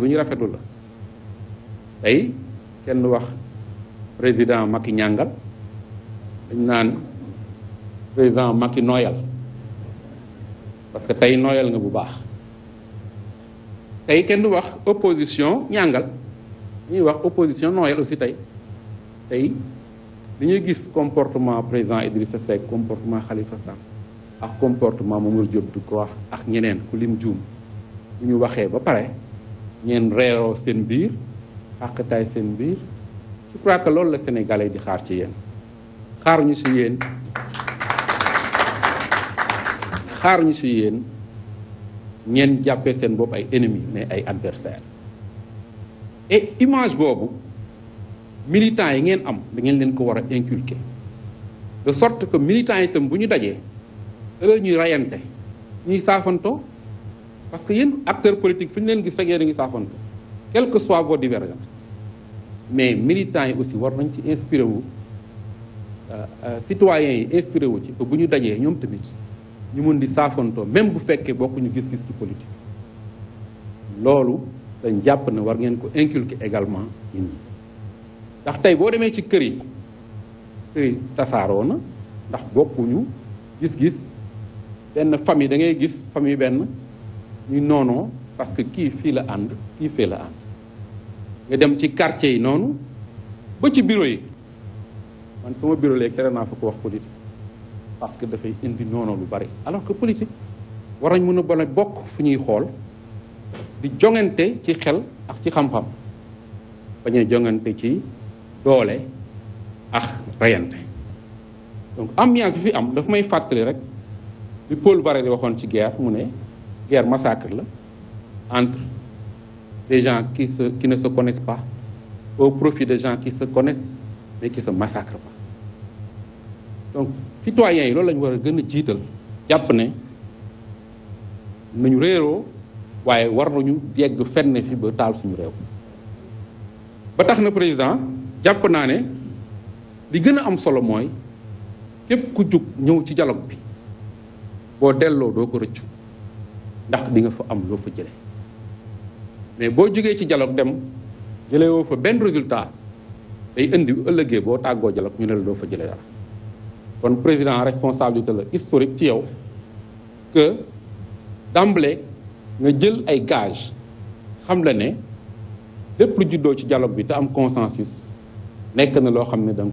bu ñu rafetlu la tey kenn wax président Macky ñàngal dañ naan président Macky nooyal parce que tey nooyal nga bu baax tey kenn wax opposition ñàngal ñuy wax opposition nooyal aussi tey tey li ñuy gis comportement président Idrissa Seck comportement Khalifa Sall ak comportement Mamour Diop Decroix ak ñeneen ku lim juum bu ñu waxee ba pare ngeen reeroo seen biir àqtaay seen biir je crois que loolu la sénégalais di xaar ci yéen xaaruñu si yéen xaaruñu si yéen ngeen jàppee seen bopp ay ennemis mais ay adversaires et image boobu militants yi ngeen am da ngeen leen ko war a inculquer de sort que militants yi itam bu ñu dajee da ñuy rayante ñuy saafanto parce que yéen acteurs politiques fu ñu leen gis rek yéen a ngi saafoon ko quel que soit vos divergences mais militants yi aussi war nañ ci inspiré wu euh, euh, citoyens yi inspiré wu ci que bu ñu dajee ñoom tamit ñu mun di saafantoo même bu fekkee bokkuñu gis-gis ci politique loolu dañ jàpp ne war ngeen ko inculquer également ndax tey boo demee ci kër yi kër tasaaroo na ndax bokkuñu gis-gis benn famille da ngay gis famille benn ñu noonoo parce que kii fii la ànd kii fee la ànd nga dem ci quartier yi noonu ba ci bureau yi man sama bureau léegi tere naa fa ko wax politique parce que dafay indi noonoo lu bari alors que politique war nañ mën a bone bokk fu ñuy xool di jongante ci xel ak ci xam-xam bañ a jongante ci doole ak reyante donc am ambiance bi fi am dafa may fàttali rek li Paul Barré di waxoon ci guerre mu ne guerre massacre là entre des gens qui, se, qui ne se connaissent pas au profit des gens ki se connaissent mais sa se pas donc citoyens yi loolu la war a gën a jiital jàpp ne nañu réeroo waaye war nañu yegg fenn fi ba taal suñu réew ba tax na président jàpp naa ne li gën a am solo mooy képp ku jug ñëw ci dialogue bi boo delloo doo ko rëccu ndax di nga fa am loo fa jële mais boo jógee ci dialogue dem jëlee woo fa benn résultat day indi ëllëgee boo tàggoo dialogue ñu ne la doo fa jële dara kon président responsabilité la historique ci yow que d'emblée nga jël ay gage xam la ne lépp lu juddoo ci dialogue bi te am consensus nekk na loo xam ne danga